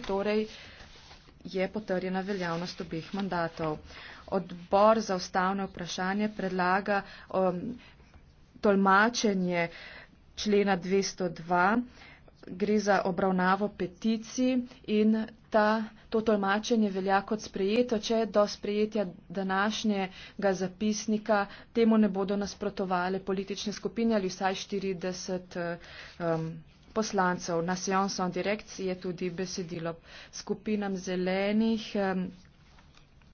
torej je potrjena veljavnost obeh mandatov. Odbor za ustavno vprašanje predlaga um, tolmačenje člena 202, gre za obravnavo peticij in ta, to tolmačenje velja kot sprejeto, če do sprejetja današnjega zapisnika temu ne bodo nasprotovali politične skupine ali vsaj 40. Um, poslancev. Na Sion Son Direkciji je tudi besedilo skupinam zelenih. Um,